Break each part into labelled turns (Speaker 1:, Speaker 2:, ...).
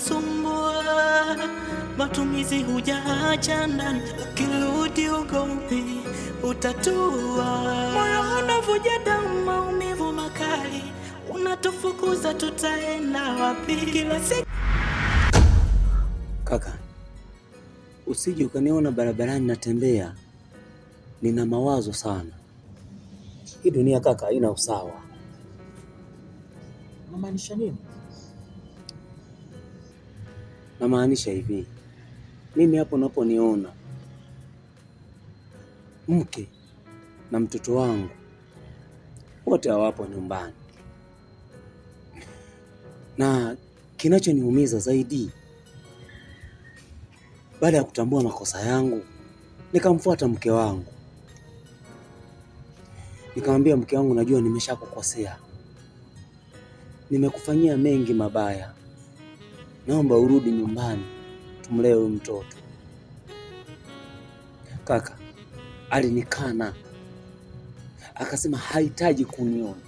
Speaker 1: yanasumbua, matumizi hujaacha ndani, ukirudi ugomvi utatua. Moyo unavuja damu, maumivu makali, unatufukuza tutaenda wapi? Kila siku kaka, usije ukaniona barabarani natembea, nina mawazo sana. Hii dunia kaka haina usawa.
Speaker 2: Namaanisha nini?
Speaker 1: Namaanisha hivi, mimi hapo unaponiona mke na mtoto wangu wote hawapo nyumbani, na kinachoniumiza zaidi, baada ya kutambua makosa yangu, nikamfuata mke wangu, nikamwambia mke wangu, najua nimeshakukosea, nimekufanyia mengi mabaya naomba urudi nyumbani tumlee huyu mtoto. Kaka alinikana akasema hahitaji kuniona,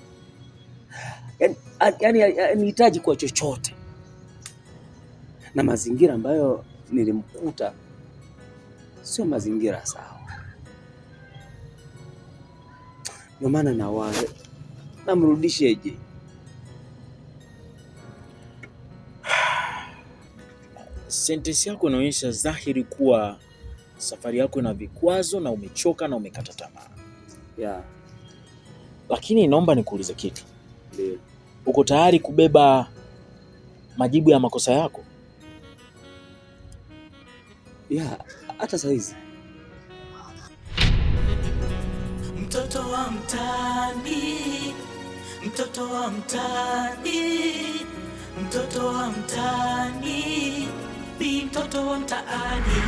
Speaker 1: yaani anihitaji kwa chochote, na mazingira ambayo nilimkuta sio mazingira sawa. Ndio maana nawae, namrudisheje?
Speaker 2: sentensi yako inaonyesha dhahiri kuwa safari yako ina vikwazo na umechoka na umekata tamaa. Yeah. Lakini naomba nikuulize kitu. Yeah. Uko tayari kubeba majibu ya makosa yako?
Speaker 1: Yeah, hata saizi. Mtoto wa mtaani, mtoto wa mtaani, mtoto wa mtaani. Bi mtoto wa mtaani.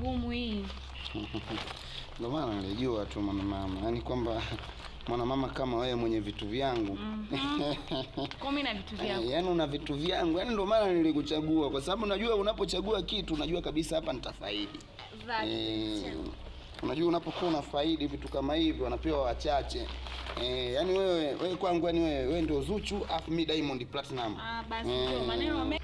Speaker 3: ngumu hii.
Speaker 4: Ndio maana nilijua tu mwanamama, yaani kwamba mwanamama kama wewe mwenye vitu vyangu mm -hmm.
Speaker 3: na vitu vyangu
Speaker 4: yaani una vitu vyangu yaani ndio maana nilikuchagua kwa sababu najua unapochagua kitu unajua kabisa hapa nitafaidi
Speaker 3: eh,
Speaker 4: unajua unapokuwa unafaidi vitu kama hivyo wanapewa wachache e, yaani wewe wewe kwangu yaani wewe wewe ndio Zuchu afu mi Diamond Platinum ah, basi e, maneno eh.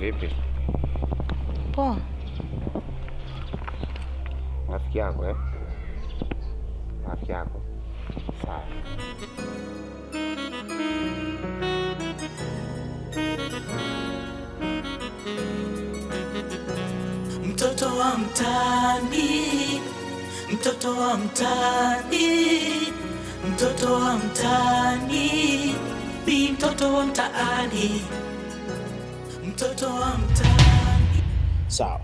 Speaker 1: Vipi? Poa. Rafiki yako eh? Rafiki yako sawa. Mtoto wa mtaani,
Speaker 2: mtoto wa mtaani, mtoto wa mtaani, bi mtoto wa mtaani mtoto wa mtaani. Sawa,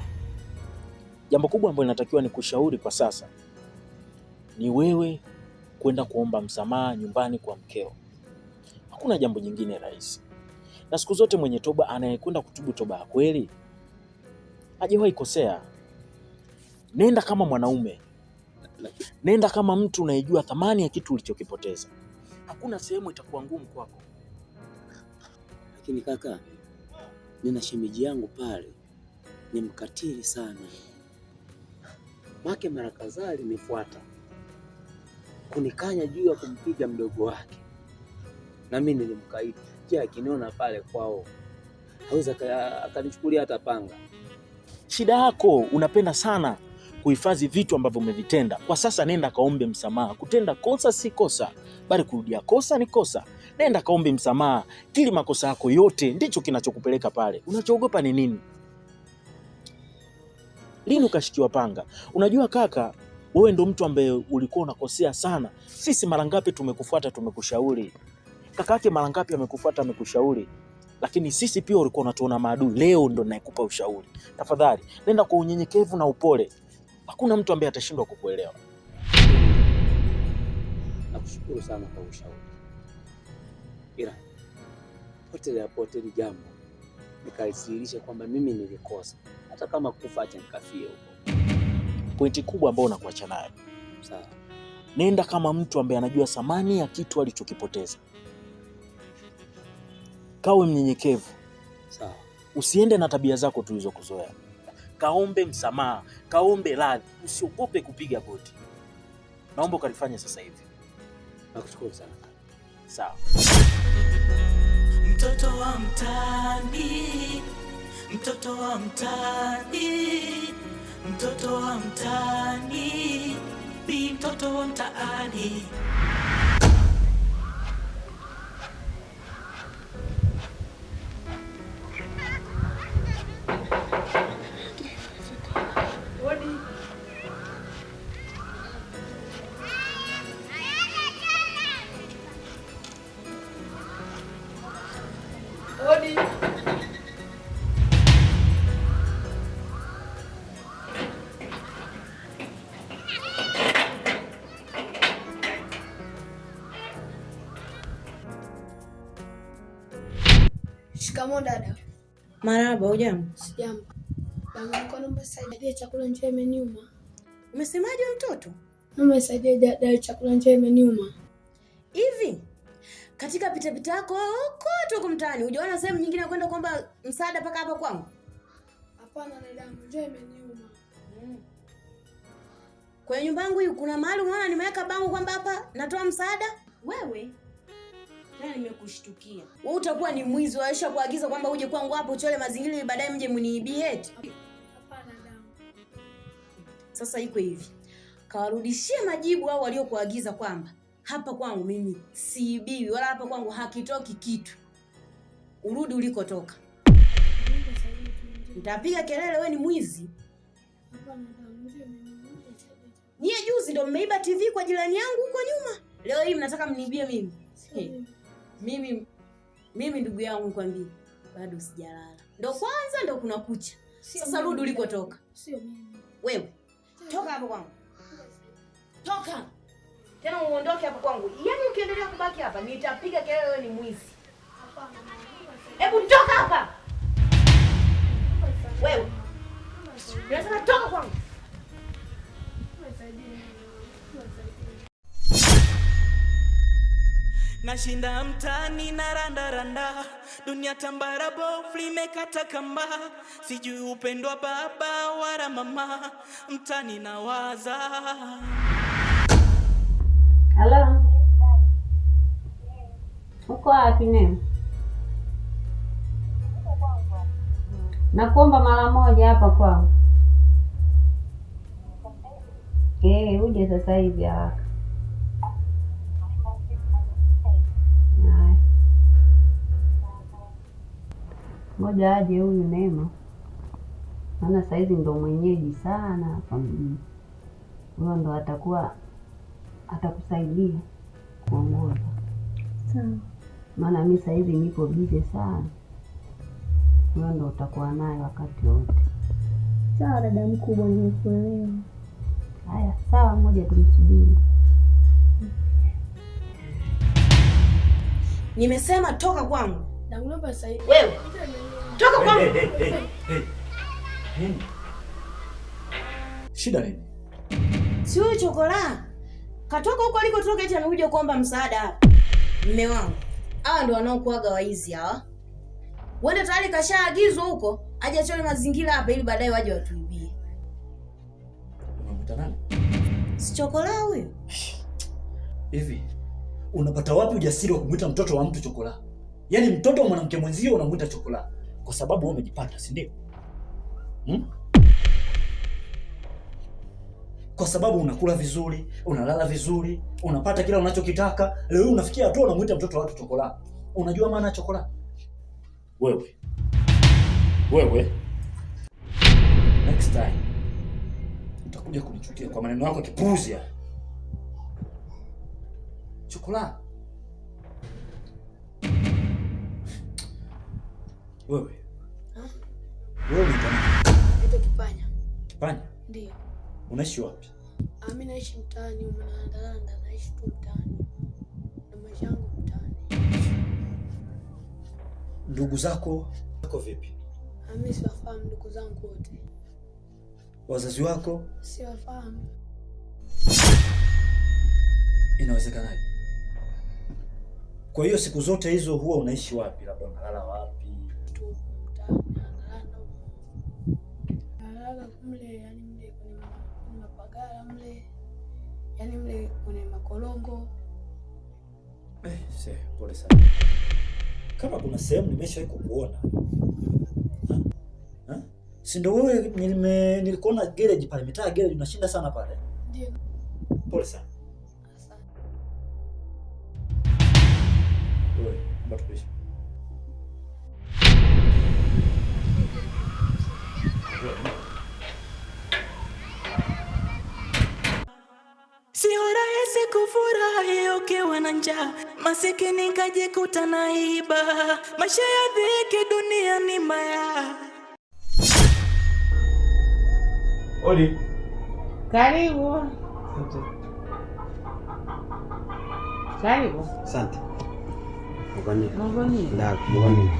Speaker 2: jambo kubwa ambalo inatakiwa ni kushauri kwa sasa ni wewe kwenda kuomba msamaha nyumbani kwa mkeo. Hakuna jambo jingine rahisi, na siku zote mwenye toba anayekwenda kutubu toba ya kweli hajawahi kosea. Nenda kama mwanaume, nenda kama mtu unayejua thamani ya kitu ulichokipoteza. Hakuna sehemu itakuwa ngumu kwako.
Speaker 1: Lakini kaka nina shemeji yangu pale ni mkatili sana, make mara kadhaa alinifuata kunikanya juu ya kumpiga mdogo wake, na mimi nilimkaidi. Je, akiniona pale kwao hawezi akanichukulia hata panga.
Speaker 2: Shida yako unapenda sana kuhifadhi vitu ambavyo umevitenda. Kwa sasa nenda kaombe msamaha. Kutenda kosa si kosa, bali kurudia kosa ni kosa nenda kaombe msamaha, kili makosa yako yote, ndicho kinachokupeleka pale. Unachoogopa ni nini? Lini ukashikiwa panga? Unajua kaka, wewe ndo mtu ambaye ulikuwa unakosea sana. Sisi mara ngapi tumekufuata, tumekushauri. Kaka yake mara ngapi amekufuata, amekushauri lakini sisi pia ulikuwa unatuona maadui. Leo ndo naikupa ushauri, tafadhali nenda kwa unyenyekevu na upole. Hakuna mtu ambaye atashindwa kukuelewa.
Speaker 1: Nakushukuru sana kwa ushauri ila pote la pote ni jambo nikalisihirisha kwamba mimi nilikosa, hata kama kufa, acha nikafie huko.
Speaker 2: Pointi kubwa ambayo unakuacha nayo sawa, nenda kama mtu ambaye anajua thamani ya kitu alichokipoteza. Kawe mnyenyekevu sawa, usiende na tabia zako tulizokuzoea. Kaombe msamaha, kaombe radhi, usiogope kupiga goti. Naomba ukalifanye sasa hivi. Nakushukuru sana sawa. Mtoto wa mtaani, mtoto wa mtaani, mtoto wa mtaani, mtoto wa mtaani.
Speaker 5: Shikamoo dada.
Speaker 6: Marahaba, hujambo?
Speaker 5: Sijambo. chakula imeniuma.
Speaker 6: Umesemaje mtoto?
Speaker 5: Naomba dada, chakula njaa imeniuma.
Speaker 6: Hivi katika pitapita yako kote huko mtaani hujaona sehemu nyingine ya kwenda kuomba msaada mpaka hapa kwangu?
Speaker 5: Hapana dada, imeniuma. Hmm.
Speaker 6: Kwenye nyumba yangu hii kuna mahali unaona nimeweka bango kwamba hapa natoa msaada? Wewe Nimekushtukia wewe, utakuwa ni mwizi. Waisha kuagiza kwamba uje kwangu hapo uchole mazingira baadaye mje mniibie eti?
Speaker 5: Hapana damu.
Speaker 6: Sasa iko hivi, kawarudishie majibu au waliokuagiza kwamba hapa kwangu mimi siibiwi, wala hapa kwangu hakitoki kitu. Urudi ulikotoka. Nitapiga kelele, wewe ni mwizi. Nyie juzi ndo mmeiba TV kwa jirani yangu huko nyuma, leo hii mnataka mniibie mimi? mimi mimi ndugu yangu nikwambie, bado sijalala, ndo kwanza ndo kuna kucha. Sasa rudi ulikotoka, sio mimi wewe. Toka hapo kwangu, toka tena, uondoke hapo kwangu. Yaani ukiendelea kubaki hapa nitapiga kelele, wewe ni mwizi. Hebu toka hapa wewe, nasema toka kwangu. Nashinda mtani na randaranda, dunia
Speaker 7: tambara bovu limekata kamba, sijui upendwa baba wala mama, na waza Hello. uko wapi Neema? Nakuomba mara moja hapa kwangu. Eh, uje sasa hivi haraka. ngoja aje huyu Neema, maana sahizi ndo mwenyeji sana hapa mjini, huyo ndo atakuwa atakusaidia kuongoza. Sawa, maana mi sahizi nipo bize sana, huyo ndo utakuwa naye wakati wote.
Speaker 8: Sawa dada mkubwa, nimekuelewa.
Speaker 7: Haya, sawa, moja tumsubiri.
Speaker 6: Nimesema toka kwangu. Wewe. Toka kwangu. Hey,
Speaker 2: hey, hey, hey. Hey. Shida nini?
Speaker 6: Si wewe chokola. Katoka huko alikotoka eti anakuja kuomba msaada Mme wangu. Hawa ndio wanaokuaga waizi hawa. Wende tayari kashaagizwa huko, aje achole mazingira hapa ili baadaye waje watuibie. Unamkuta nani? Si chokola huyo.
Speaker 2: Hivi unapata wapi ujasiri wa kumwita mtoto wa mtu chokola? Yaani mtoto wa mwanamke mwenzio unamwita chokola kwa sababu wewe umejipata, si ndio? hmm? Kwa sababu unakula vizuri, unalala vizuri, unapata kila unachokitaka. Leo unafikia hatua unamwita mtoto wa watu chokola. Unajua maana ya chokola? Wewe wewe, next time utakuja kunichukia kwa maneno yako kipuzi. Chokola Wewe wewe ni nani?
Speaker 5: unaitwa Kipanya? Kipanya ndio. Unaishi wapi? Ah, Mimi naishi mtaani, huko na umenandanda, naishi tu mtaani na maisha yangu mtaani.
Speaker 2: Ndugu zako wako vipi?
Speaker 5: Ah, Mimi siwafahamu ndugu zangu wote.
Speaker 2: Wazazi wako
Speaker 5: siwafahamu.
Speaker 2: Inawezekanaje? Kwa hiyo siku zote hizo huwa unaishi wapi?
Speaker 5: Labda unalala wapi? mle, yani mle kwenye mapagala mle, yani mle kwenye makorongo.
Speaker 2: Eh, se pole sana. Kama kuna sehemu nimeshawahi kukuona si ndio wewe? Nime nilikuona garage pale, mitaa garage unashinda sana pale. Ndio. Pole sana. Asante. Wewe, mbona sikufurahi ukiwa na njaa, masikini kajikuta naiba, maisha ya dhiki, dunia ni maya. Oli.
Speaker 6: karibu. Asante. Karibu.
Speaker 1: Asante. Mgoni. Mgoni. Na mgoni.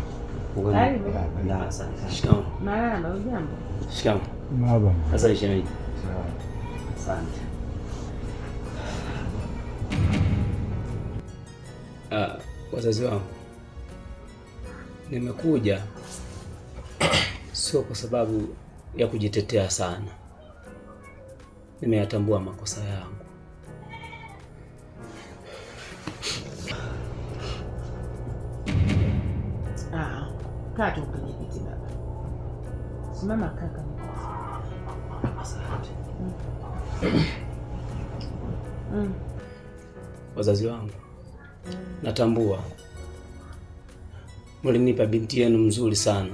Speaker 1: Mgoni. Karibu. Na asante.
Speaker 2: Shikamo.
Speaker 6: Mara na ujambo?
Speaker 2: Shikamo. Marahaba. Asante shemeji. Asante. Uh, wazazi wangu, nimekuja sio kwa sababu ya kujitetea sana. Nimeyatambua makosa yangu.
Speaker 6: Ah, kaa kwenye kiti baba. Simama kaka. Asante.
Speaker 2: Mm. Wazazi wangu Natambua mlinipa binti yenu mzuri sana,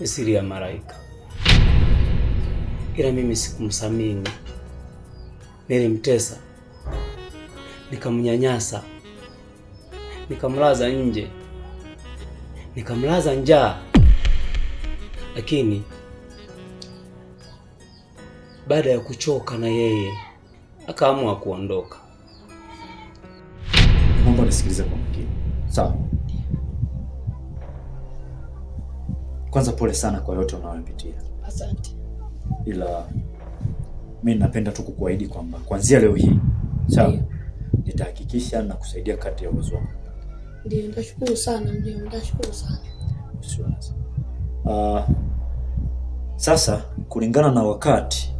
Speaker 2: misiri ya malaika, ila mimi sikumsamini. Nilimtesa, nikamnyanyasa, nikamlaza nje, nikamlaza njaa, lakini baada ya kuchoka na yeye akaamua kuondoka nisikilize kwa makini sawa. Kwanza pole sana kwa yote unayopitia. Asante. Ila mi napenda tu kukuahidi kwamba kuanzia leo hii sawa, nitahakikisha na kusaidia kati ya uwezo wangu.
Speaker 5: Ndio, nitashukuru sana. Ndio, nitashukuru sana. Usiwaze. Uh,
Speaker 2: ah, sasa kulingana na wakati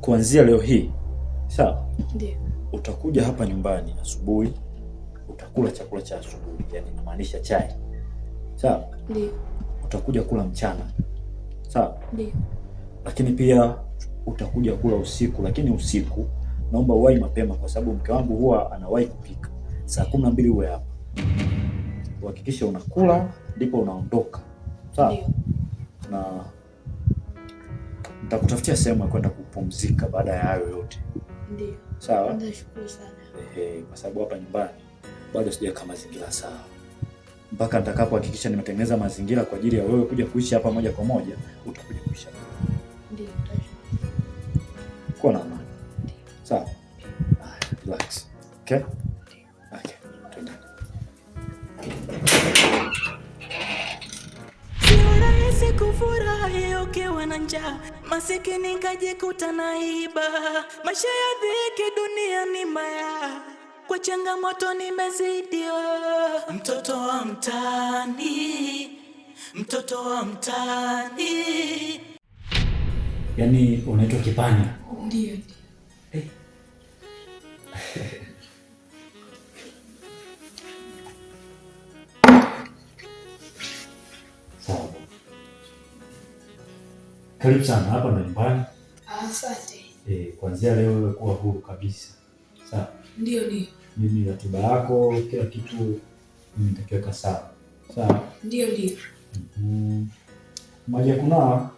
Speaker 2: kuanzia leo hii sawa? Ndio utakuja hapa nyumbani asubuhi, utakula chakula cha asubuhi, yani namaanisha chai, sawa? Ndio. Utakuja kula mchana, sawa? Ndio. Lakini pia utakuja kula usiku, lakini usiku naomba uwai mapema, kwa sababu mke wangu huwa anawahi kupika. Saa kumi na mbili uwe hapa, uhakikisha unakula ndipo unaondoka, sawa? Na nitakutafutia sehemu ya kwenda kupumzika baada ya hayo yote. Ndiyo. Sawa?
Speaker 5: Nashukuru sana.
Speaker 2: kwa sababu hapa nyumbani bado sijaweka mazingira sawa mpaka nitakapohakikisha nimetengeneza mazingira kwa ajili ya wewe kuja kuishi hapa moja kwa moja, utakuja kuishi hapa. Ndiyo, kuwa na amani. Sawa? Relax. Okay? Okay. rahisi kufurahi ukiwa na njaa masikini kajikuta na iba, maisha ya dhiki dunia ni maya, kwa changamoto nimezidiwa. Mtoto wa mtaani, mtoto wa mtaani. yani unaitwa Kipanya?
Speaker 5: Ndio. Hey. Eh.
Speaker 2: Karibu sana hapa na nyumbani.
Speaker 5: Asante.
Speaker 2: Eh, kuanzia leo wewe kuwa huru kabisa. Sawa? Ndio, ndio. Mimi ratiba yako kila kitu mimi nitakiweka sawa. Sawa?
Speaker 5: Ndio, ndio. Mm -hmm.
Speaker 2: Maji ya kunawa.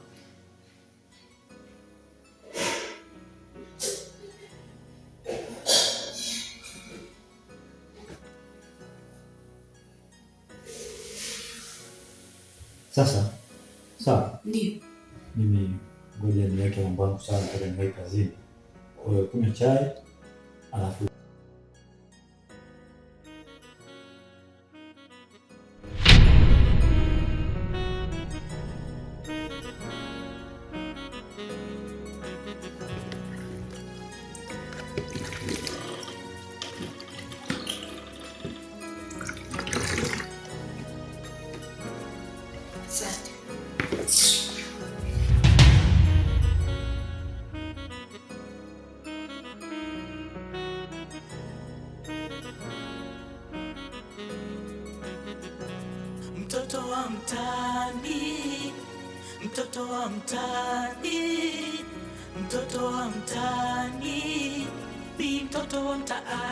Speaker 2: Sasa. Sawa? Ndio nimeweka mambo sana toka kazini. Kwa hiyo kunywa chai alafu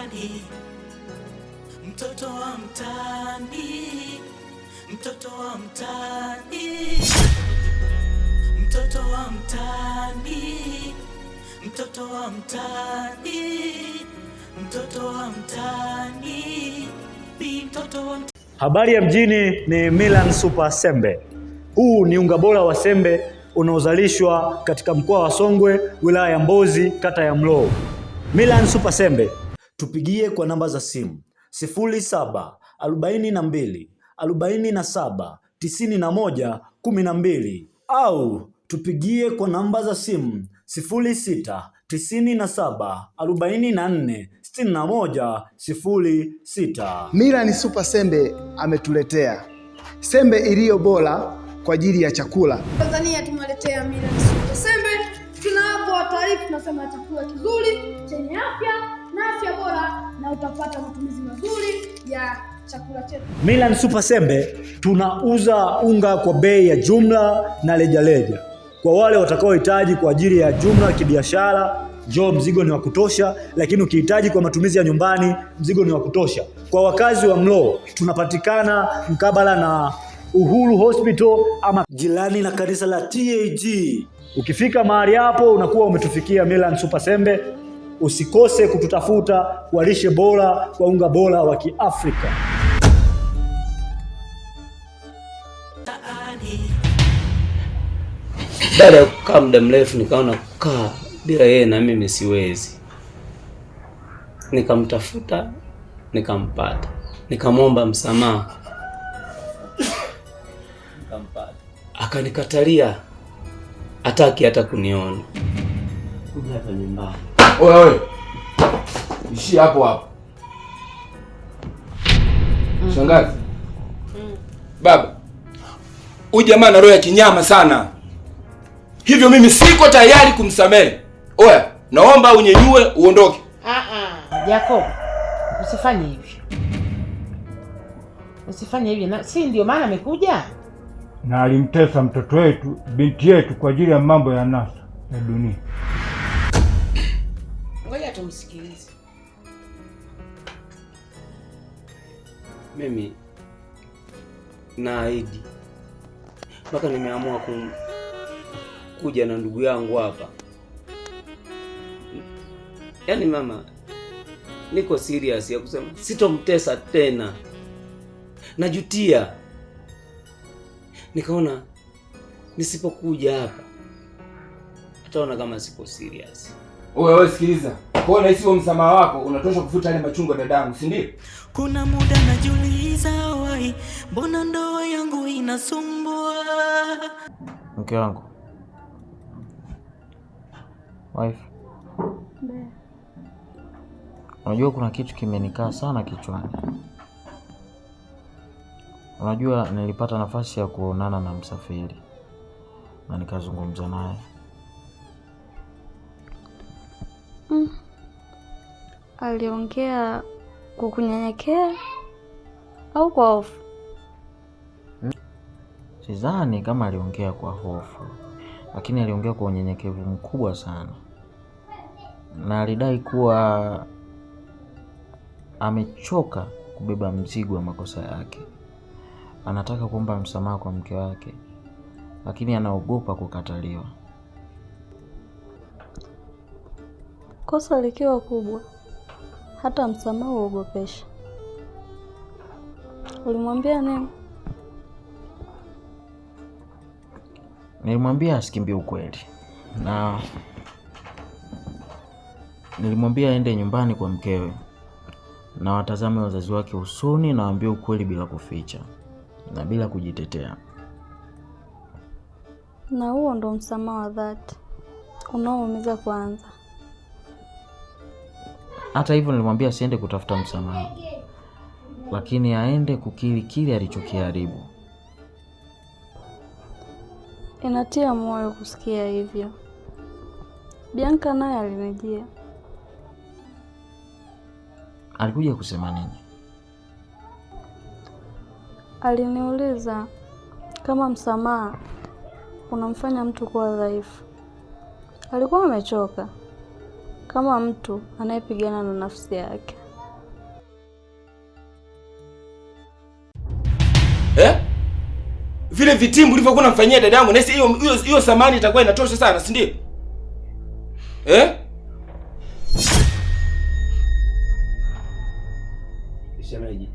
Speaker 9: mtaani, mtoto wa mtaani, mtoto wa mtaani, mtoto wa mtaani, mtoto wa mtaani, mtoto wa mtaani, mtoto wa mtaani. Habari ya mjini ni Milan Super Sembe. Huu ni unga bora wa sembe unaozalishwa katika mkoa wa Songwe, wilaya ya Mbozi, kata ya Mloo. Milan Super Sembe Tupigie kwa namba za simu sifuri saba arobaini na mbili arobaini na saba tisini na moja kumi na mbili au tupigie kwa namba za simu sifuri sita tisini na saba arobaini na nne sitini na moja sifuri sita.
Speaker 10: mira ni Super Sembe ametuletea sembe iliyo bora kwa ajili ya chakula.
Speaker 11: Tanzania tumeletea Mila Super Sembe, tunawapa taarifa, tunasema chakula kizuri chenye afya afya bora na utapata matumizi mazuri ya chakula chetu.
Speaker 10: Milan Super Sembe tunauza unga kwa bei ya jumla na rejareja. Kwa wale watakaohitaji kwa ajili ya jumla kibiashara, njoo mzigo ni wa kutosha, lakini ukihitaji kwa matumizi ya nyumbani, mzigo ni wa kutosha. Kwa wakazi wa Mlo, tunapatikana mkabala na Uhuru Hospital ama jirani na kanisa la TAG. Ukifika mahali hapo unakuwa umetufikia Milan Super Sembe. Usikose kututafuta kwa lishe bora, kwa unga bora wa Kiafrika.
Speaker 2: Baada ya kukaa muda mrefu, nikaona kukaa bila yeye na mimi siwezi. Nikamtafuta, nikampata, nikamwomba msamaha, Akanikatalia, hataki hata kuniona
Speaker 1: nyumbani.
Speaker 12: Wewe ishi hapo hapo. Shangazi. Mm. Baba. Huyu jamaa ana roho ya kinyama sana. Hivyo mimi siko tayari kumsamehe. Oya, naomba unyenyue uondoke.
Speaker 6: Ah Jacob, usifanye hivyo. Usifanye hivyo. Na si ndio maana amekuja?
Speaker 13: Na alimtesa mtoto wetu, binti yetu kwa ajili ya mambo ya nasa ya dunia
Speaker 6: tumsikilize.
Speaker 2: Mimi naahidi mpaka nimeamua ku kuja na ndugu yangu hapa. Yaani mama, niko serious ya kusema sitomtesa tena, najutia. Nikaona nisipokuja hapa ataona kama siko serious.
Speaker 12: Wewe sikiliza kwa hiyo nahisi huo msamaha wako unatosha kufuta yale machungu dadangu, si ndio? Kuna muda najiuliza wai, mbona
Speaker 1: ndoa yangu inasumbua. Mke wangu wife, unajua kuna kitu kimenikaa sana kichwani. Unajua nilipata nafasi ya kuonana na Msafiri na nikazungumza naye
Speaker 14: mm aliongea kwa kunyenyekea au kwa hofu?
Speaker 1: Sidhani kama aliongea kwa hofu, lakini aliongea kwa unyenyekevu mkubwa sana, na alidai kuwa amechoka kubeba mzigo wa makosa yake. Anataka kuomba msamaha kwa mke wake, lakini anaogopa kukataliwa,
Speaker 14: kosa likiwa kubwa hata msamaha uogopesha. Ulimwambia nini?
Speaker 1: Nilimwambia asikimbie ukweli, na nilimwambia aende nyumbani kwa mkewe na watazame wazazi wake usoni na waambie ukweli bila kuficha na bila kujitetea.
Speaker 14: Na huo ndo msamaha wa dhati unaoumiza kwanza.
Speaker 1: Hata hivyo nilimwambia asiende kutafuta msamaha, lakini aende kukiri kile alichokiharibu.
Speaker 14: Inatia moyo kusikia hivyo. Bianca naye alinijia.
Speaker 1: Alikuja kusema nini?
Speaker 14: Aliniuliza kama msamaha unamfanya mtu kuwa dhaifu. Alikuwa amechoka kama mtu anayepigana na nafsi yake
Speaker 12: eh? Vile vitimbu ulivyokuwa unamfanyia dada yangu, nahisi hiyo hiyo samani itakuwa inatosha sana, si ndio? Eh?
Speaker 2: Shemeji,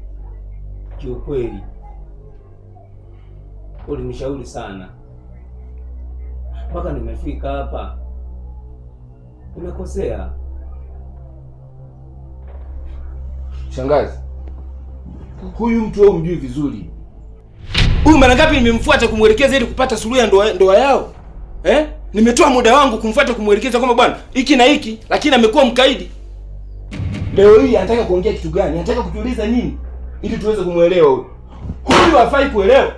Speaker 2: kiukweli ulinishauri sana mpaka nimefika hapa Umekosea
Speaker 12: shangazi, huyu mtu wewe umjui vizuri. Huyu mara ngapi nimemfuata kumwelekeza ili kupata suluhu ya ndoa, ndoa yao eh? Nimetoa muda wangu kumfuata kumwelekeza kwamba bwana hiki na hiki, lakini amekuwa mkaidi. Leo hii anataka kuongea kitu gani? Anataka kujiuliza nini ili tuweze kumwelewa huyu? Huyu hafai kuelewa.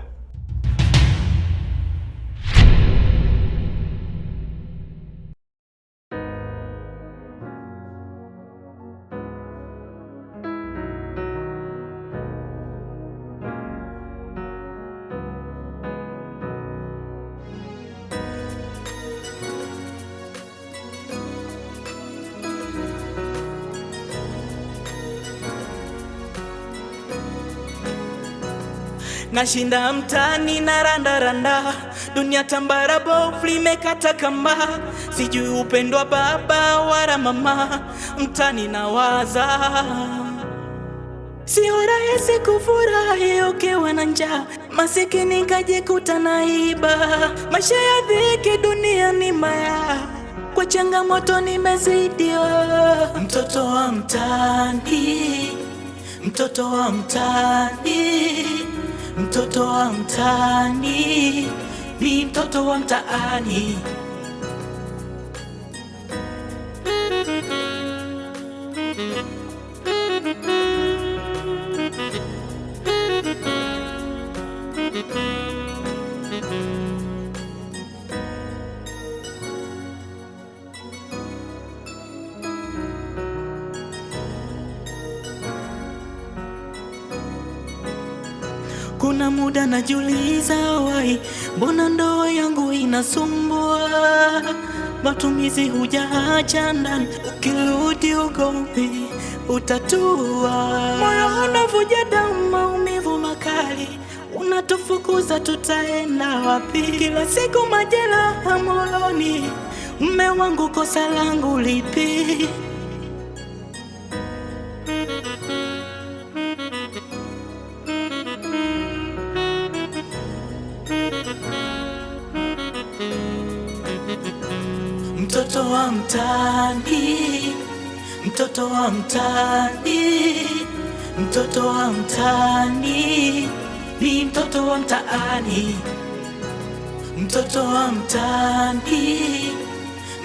Speaker 15: Nashinda mtani na randaranda randa. Dunia tambara bovu limekata kamba, sijui upendwa baba wala mama, mtaani nawaza Sio rahisi kufurahi ukiwa na njaa, masikini kajikuta iba. Maisha ya dhiki dunia ni maya, kwa changamoto nimezidiwa. Oh. Mtoto wa mtaani, mtoto wa mtaani mtoto wa mtaani, ni mtoto wa mtaani. najiuliza wai, mbona ndoa yangu inasumbua, matumizi hujaacha ndani, ukirudi ugomvi utatua, moyo unavuja damu, maumivu makali, unatufukuza tutaenda wapi? Kila siku majeraha moyoni, mme wangu kosa langu lipi? mtaani, mtoto wa mtaani, mtoto wa mtaani ni mtoto wa mtaani, mtoto wa mtaani,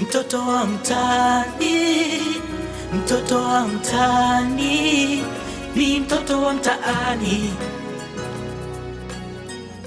Speaker 15: mtoto wa mtaani, mtoto wa mtaani ni mtoto wa mtaani.